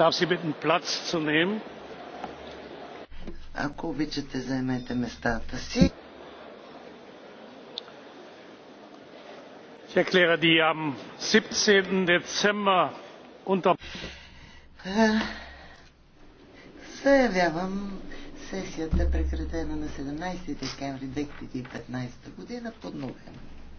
darf Sie bitten, Platz zu nehmen. Ако обичате, заемете местата си. Ich erkläre die am 17. Dezember unter... Е, заявявам сесията е прекратена на 17 декември 2015 година под новември.